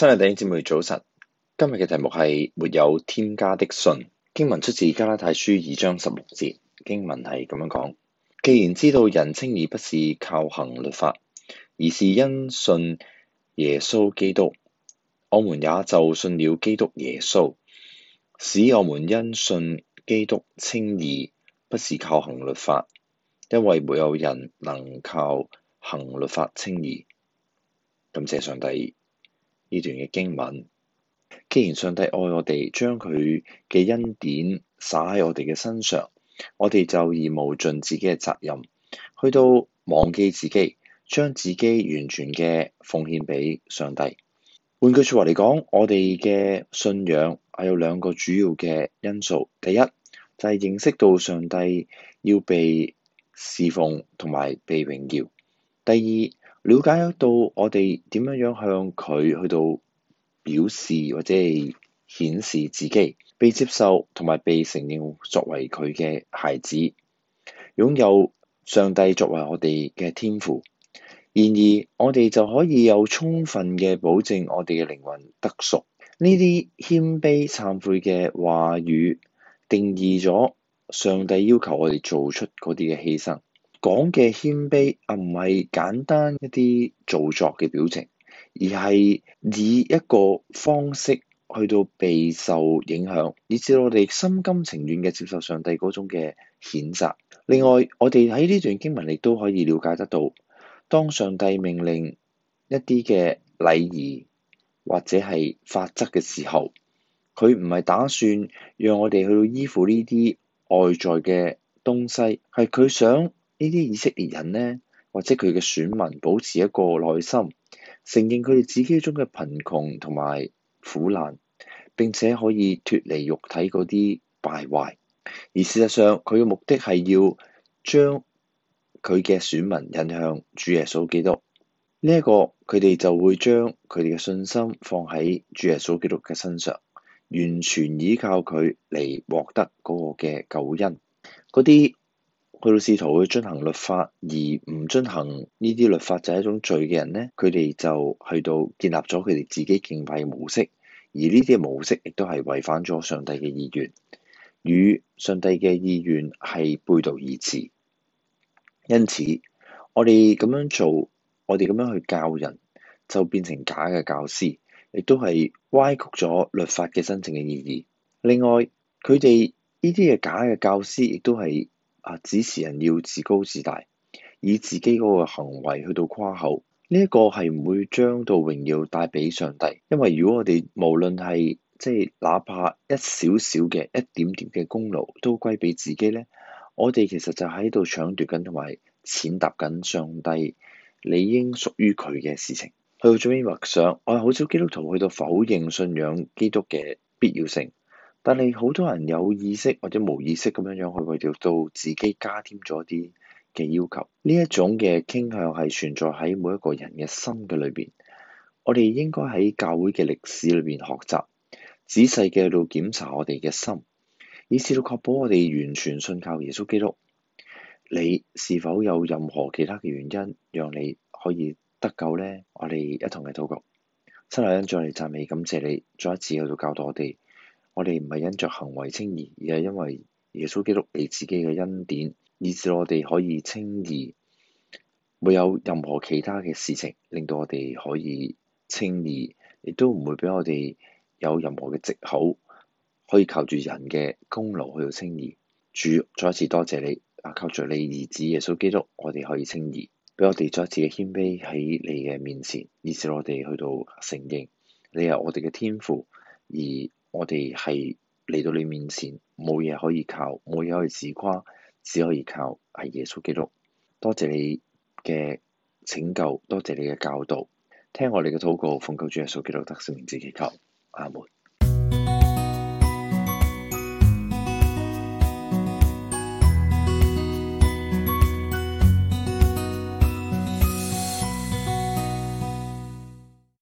親愛的弟兄姊妹早晨，今日嘅題目係沒有添加的信，經文出自加拉太書二章十六節。經文係咁樣講：既然知道人稱義不是靠行律法，而是因信耶穌基督，我們也就信了基督耶穌，使我們因信基督稱義，不是靠行律法，因為沒有人能靠行律法稱義。感謝上帝。呢段嘅經文，既然上帝愛我哋，將佢嘅恩典灑喺我哋嘅身上，我哋就義務盡自己嘅責任，去到忘記自己，將自己完全嘅奉獻俾上帝。換句説話嚟講，我哋嘅信仰係有兩個主要嘅因素，第一就係、是、認識到上帝要被侍奉同埋被榮耀，第二。了解到我哋點樣樣向佢去到表示或者係顯示自己被接受同埋被承認作為佢嘅孩子，擁有上帝作為我哋嘅天父，然而，我哋就可以有充分嘅保證我哋嘅靈魂得救。呢啲謙卑、懺悔嘅話語定義咗上帝要求我哋做出嗰啲嘅犧牲。講嘅謙卑啊，唔係簡單一啲做作嘅表情，而係以一個方式去到備受影響，以至我哋心甘情願嘅接受上帝嗰種嘅譴責。另外，我哋喺呢段經文裡都可以瞭解得到，當上帝命令一啲嘅禮儀或者係法則嘅時候，佢唔係打算讓我哋去到依附呢啲外在嘅東西，係佢想。呢啲以色列人呢，或者佢嘅選民保持一個內心承認佢哋自己中嘅貧窮同埋苦難，並且可以脫離肉體嗰啲敗壞，而事實上，佢嘅目的係要將佢嘅選民引向主耶穌基督。呢一個佢哋就會將佢哋嘅信心放喺主耶穌基督嘅身上，完全依靠佢嚟獲得嗰個嘅救恩。嗰啲去到試圖去進行律法，而唔進行呢啲律法就係一種罪嘅人咧。佢哋就去到建立咗佢哋自己敬拜嘅模式，而呢啲嘅模式亦都係違反咗上帝嘅意願，與上帝嘅意願係背道而馳。因此，我哋咁樣做，我哋咁樣去教人，就變成假嘅教師，亦都係歪曲咗律法嘅真正嘅意義。另外，佢哋呢啲嘅假嘅教師亦都係。啊！指示人要自高自大，以自己嗰個行為去到誇口，呢、這、一個係唔會將到榮耀帶俾上帝。因為如果我哋無論係即係哪怕一少少嘅一點點嘅功勞都歸俾自己咧，我哋其實就喺度搶奪緊同埋踐踏緊上帝理應屬於佢嘅事情。去到最尾畫上，我係好少基督徒去到否認信仰基督嘅必要性。但係好多人有意識或者無意識咁樣樣去為到自己加添咗啲嘅要求，呢一種嘅傾向係存在喺每一個人嘅心嘅裏邊。我哋應該喺教會嘅歷史裏邊學習，仔細嘅度到檢查我哋嘅心，以至到確保我哋完全信靠耶穌基督。你是否有任何其他嘅原因讓你可以得救呢？我哋一同嘅禱告，親愛恩主，我哋讚美感謝你，再一次去到教導我哋。我哋唔係因着行為稱義，而係因為耶穌基督你自己嘅恩典，以致我哋可以稱義，沒有任何其他嘅事情令到我哋可以稱義，亦都唔會俾我哋有任何嘅藉口，可以靠住人嘅功勞去到稱義。主，再一次多謝你，啊，靠住你兒子耶穌基督，我哋可以稱義，俾我哋再一次嘅謙卑喺你嘅面前，以致我哋去到承認你係我哋嘅天父，而。我哋係嚟到你面前，冇嘢可以靠，冇嘢可以自誇，只可以靠係耶穌基督。多謝你嘅拯救，多謝你嘅教導，聽我哋嘅禱告，奉救主耶穌基督得勝名字祈求，阿門。